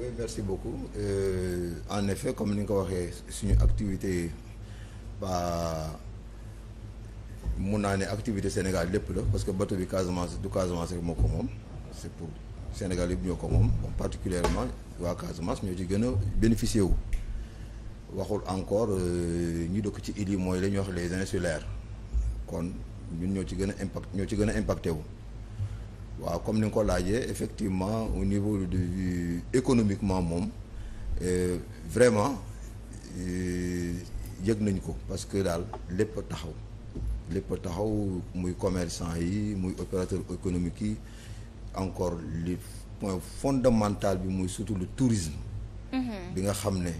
oui merci beaucoup euh, en effet comme ni nga ko waxee suñu activité ba mun naa ne activité Sénégal lépp la parce que bateau bi Casamance du Casamance rek moo ko moom c'est pour Sénégal yëpp ñoo ko moom bon particulièrement waa Casamance ñoo ci gën a bénéficier wu. waxul encore euh, ñu dëkk ci îles yi mooy la ñuy wax les insulaires kon ñun ñoo ci gën a impact ñoo ci gën a impacté wu. waaw comme ni nga ko laajee effectivement au niveau de vue économiquement moom euh, vraiment euh, yëg nañ ko parce que daal lépp taxaw lépp taxaw muy commercant yi muy opérateur économique yi encore li point fondamental bi muy surtout le tourisme mm-hmm. bi nga xam ne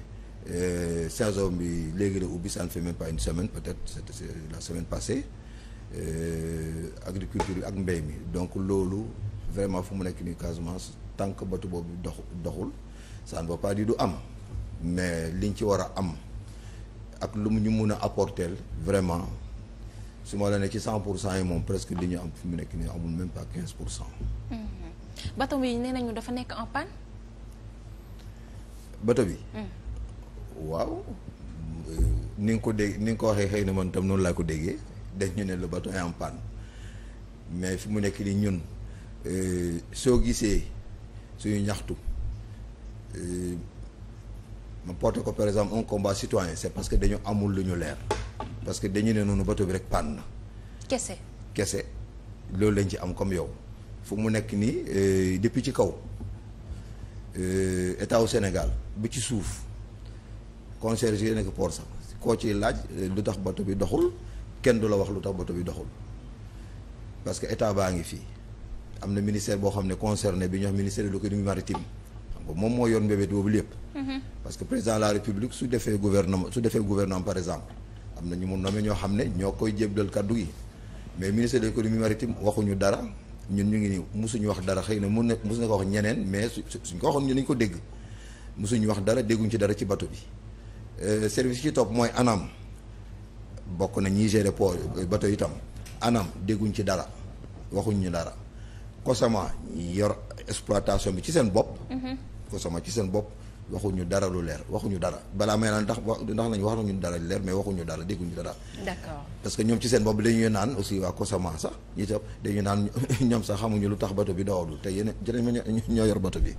euh, saison bi léegi la ubbi ça ne fait même pas une semaine peut-être c'est la semaine passée Euh, agriculture bi ak mbéy mi donc loolu vraiment fu mu nekk nii Casamance tant que batu boobu dox doxul ça ne veut du am mais li liñ ci war a am ak lu mu ñu mun a apporter vraiment su ma la ne ci cent pour cent yi moom presque li ñu am fu mu nekk nii amul même pas quinze pour cent. Mhm. bato bi nee mm. waaw euh, ni nga ko dégg ni nga ko waxee xëy na man tam noonu laa ko déggee. ñu ne le bateau est en mais fi mu nekk nii ñun euh, soo gisee suñu ñaxtu euh, ma porté ko par exemple un combat citoyen c'est parce que dañu amul lu ñu leer parce que dañu ne noonu bateau bi rek pan na kese kese loolu lañ ci am comme yow fu mu nekk ni euh, depuis ci kaw état au Sénégal bu ci suuf concierge yi nekk port sax koo ciy laaj lu tax bateau bi doxul kenn du la wax lu tax bato bi doxul parce que état baa ngi fii am na ministère boo xam ne concerné bi ñu wax ministère de l'économie maritime xam nga moom moo yor mbébét boobu lépp. Mm-hmm. parce que président su defee gouvernement su defee gouvernement par exemple am na ñu mu nommé ñoo xam ne ñoo koy jébdal kaddu gi mais ministère de l'économie maritime waxuñu dara ñun ñu ngi nii mosuñu wax dara xëy na mun na mosuñu ko wax ñeneen mais suñ ko waxoon ñu nañ ko dégg mosuñu wax dara dégguñ ci dara ci bato bi euh, service ci topp mooy ANAM. bokk na ñiy gérer port bateau itam anam dégguñ ci dara waxuñ ñu dara Cosama yor exploitation bi ci seen bopp. Cosama mhm. ci seen bopp waxuñu dara lu leer waxuñu dara balaa may naan ndax wax ndax nañ wax nañu dara lu leer mais waxuñu dara dégguñu dara. d'accord parce que ñoom ci seen bopp dañuy naan aussi waa Cosama sax ñi dañuy naan ñoom sax xamuñu lu tax bato bi dawalul te yéen a ñoo yor bato bi.